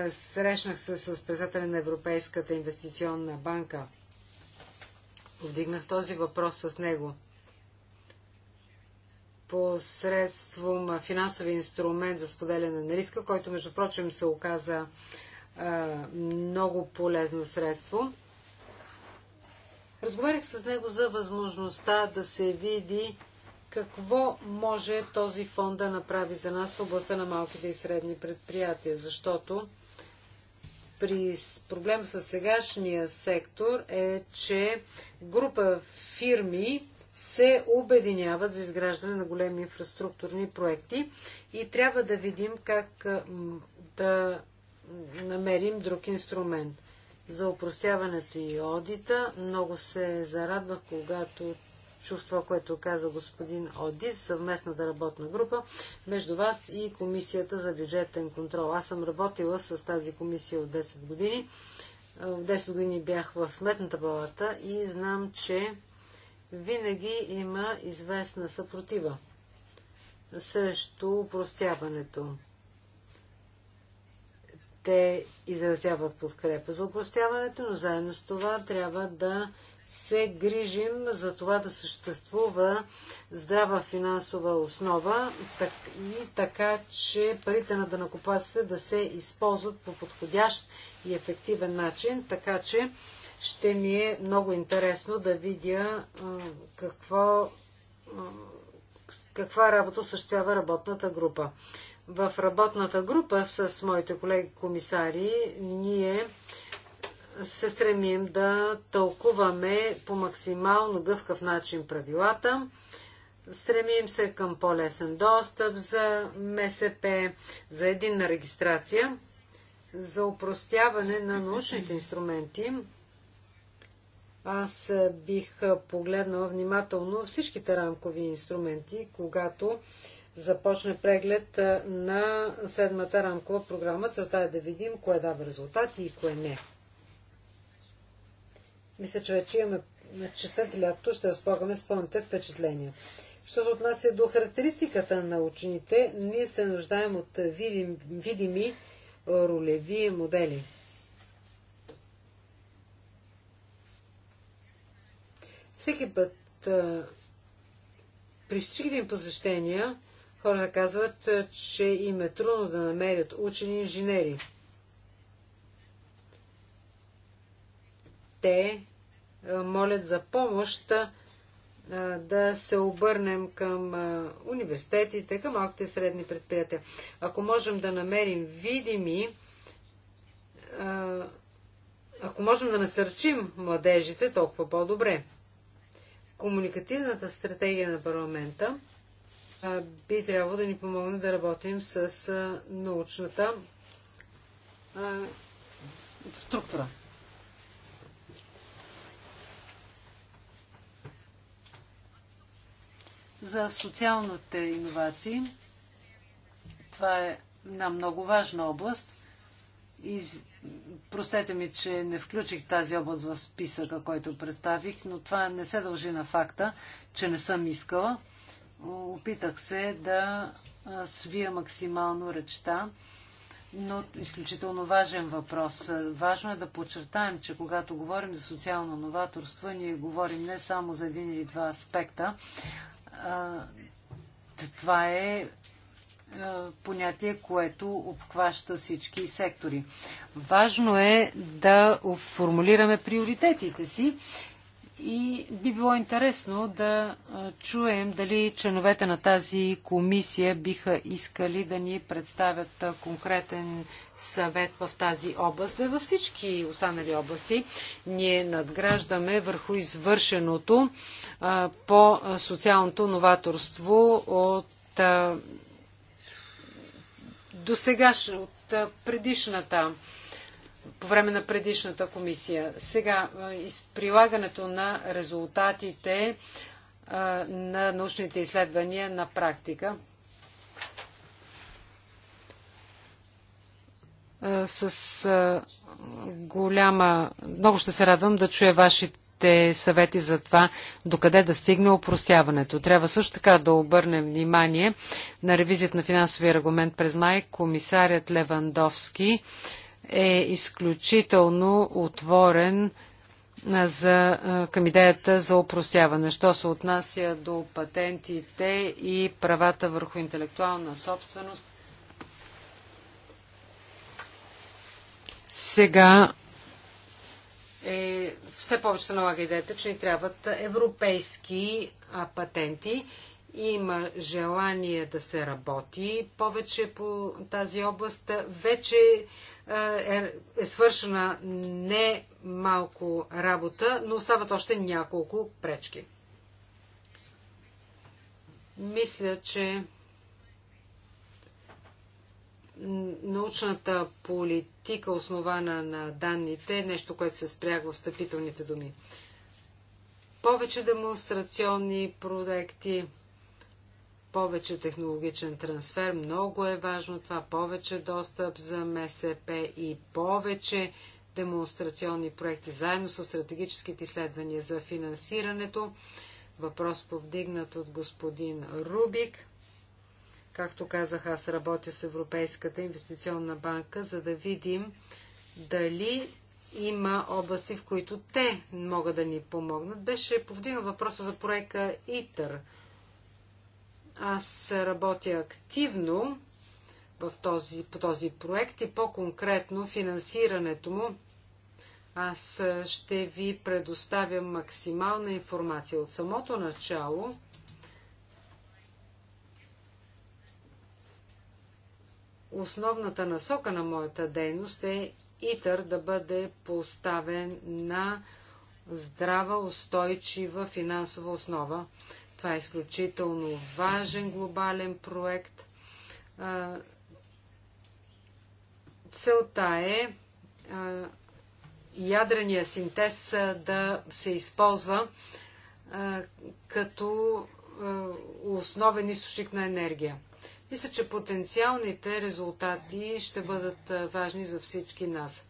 Срещнах се с председателя на Европейската инвестиционна банка. Повдигнах този въпрос с него посредством финансови инструмент за споделяне на риска, който между прочим се оказа много полезно средство. Разговарях с него за възможността да се види какво може този фонд да направи за нас в областта на малките и средни предприятия, защото при проблем с сегашния сектор е, че група фирми се обединяват за изграждане на големи инфраструктурни проекти и трябва да видим как да намерим друг инструмент. За упростяването и одита много се зарадва, когато чувства, което каза господин Оди, съвместната работна група между вас и Комисията за бюджетен контрол. Аз съм работила с тази комисия от 10 години. Е, в 10 години бях в Сметната палата и знам, че винаги има известна съпротива срещу упростяването. Те изразяват подкрепа за упростяването, но заедно с това трябва да се грижим за това да съществува здрава финансова основа так, и така, че парите на дънакопаците да се използват по подходящ и ефективен начин, така че ще ми е много интересно да видя какво, каква работа съществява работната група. В работната група с моите колеги комисари ние се стремим да тълкуваме по максимално гъвкав начин правилата. Стремим се към по-лесен достъп за МСП, за единна регистрация, за упростяване на научните инструменти, аз бих погледнала внимателно всичките рамкови инструменти, когато започне преглед на седмата рамкова програма. Целта е да видим кое дава резултати и кое не. Мисля, че вече имаме, че след лято ще разполагаме с пълните впечатления. Що се отнася до характеристиката на учените, ние се нуждаем от видим, видими ролеви модели. Всеки път при всичките им посещения хората казват, че им е трудно да намерят учени инженери. Те молят за помощ да се обърнем към университетите, към малките и средни предприятия. Ако можем да намерим видими, ако можем да насърчим младежите, толкова по-добре комуникативната стратегия на парламента би трябвало да ни помогне да работим с научната структура. За социалните иновации това е една много важна област – и Простете ми, че не включих тази област в списъка, който представих, но това не се дължи на факта, че не съм искала. Опитах се да свия максимално речта, но изключително важен въпрос. Важно е да подчертаем, че когато говорим за социално новаторство, ние говорим не само за един или два аспекта. Това е е, понятие, което обхваща всички сектори. Важно е да формулираме приоритетите си и би било интересно да е, чуем дали членовете на тази комисия биха искали да ни представят е, конкретен съвет в тази област. Във всички останали области ние надграждаме върху извършеното по социалното новаторство от до сега, от предишната, по време на предишната комисия. Сега, прилагането на резултатите на научните изследвания на практика. С голяма... Много ще се радвам да чуя вашите вашите съвети за това, докъде да стигне опростяването. Трябва също така да обърнем внимание на ревизията на финансовия регламент през май. Комисарят Левандовски е изключително отворен за, към идеята за опростяване. Що се отнася до патентите и правата върху интелектуална собственост, сега все повече се налага идеята, че ни трябват европейски патенти. Има желание да се работи повече по тази област. Вече е, е свършена не малко работа, но остават още няколко пречки. Мисля, че научната политика, основана на данните, е нещо, което се спряга в стъпителните думи. Повече демонстрационни проекти, повече технологичен трансфер, много е важно това, повече достъп за МСП и повече демонстрационни проекти, заедно с стратегическите изследвания за финансирането. Въпрос повдигнат от господин Рубик – Както казах, аз работя с Европейската инвестиционна банка, за да видим дали има области, в които те могат да ни помогнат. Беше повдигна въпроса за проекта ИТър. Аз работя активно в този, по този проект и по-конкретно финансирането му. Аз ще ви предоставя максимална информация от самото начало – Основната насока на моята дейност е ИТър да бъде поставен на здрава, устойчива финансова основа. Това е изключително важен глобален проект. Целта е ядрения синтез да се използва като основен източник на енергия. Мисля, че потенциалните резултати ще бъдат важни за всички нас.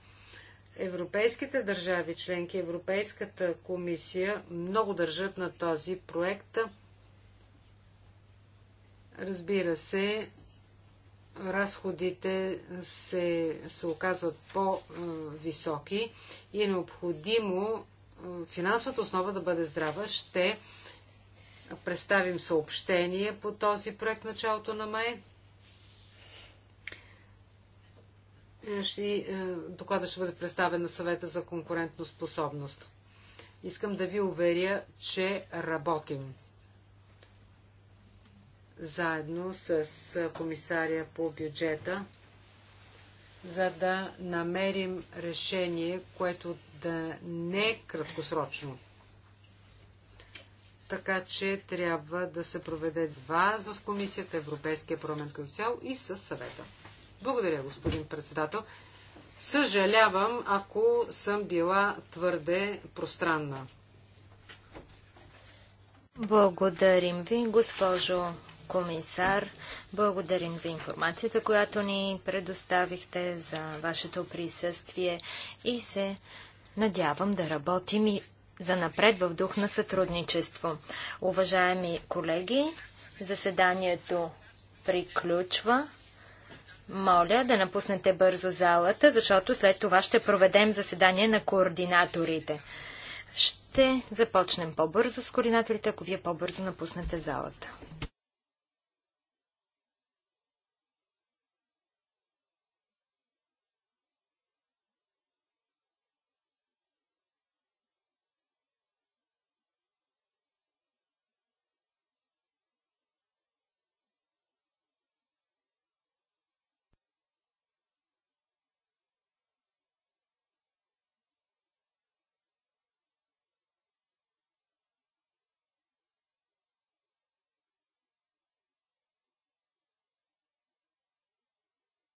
Европейските държави членки, Европейската комисия много държат на този проект. Разбира се, разходите се, се оказват по-високи и е необходимо финансовата основа да бъде здрава. Ще представим съобщение по този проект началото на май. Е, е, докладът ще бъде представен на съвета за конкурентно способност. Искам да ви уверя, че работим заедно с комисаря по бюджета, за да намерим решение, което да не е краткосрочно, така че трябва да се проведе с вас в Комисията, Европейския парламент като цяло и с съвета. Благодаря, господин председател. Съжалявам, ако съм била твърде пространна. Благодарим ви, госпожо комисар. Благодарим за информацията, която ни предоставихте, за вашето присъствие и се надявам да работим и за напред в дух на сътрудничество. Уважаеми колеги, заседанието приключва. Моля да напуснете бързо залата, защото след това ще проведем заседание на координаторите. Ще започнем по-бързо с координаторите, ако вие по-бързо напуснете залата.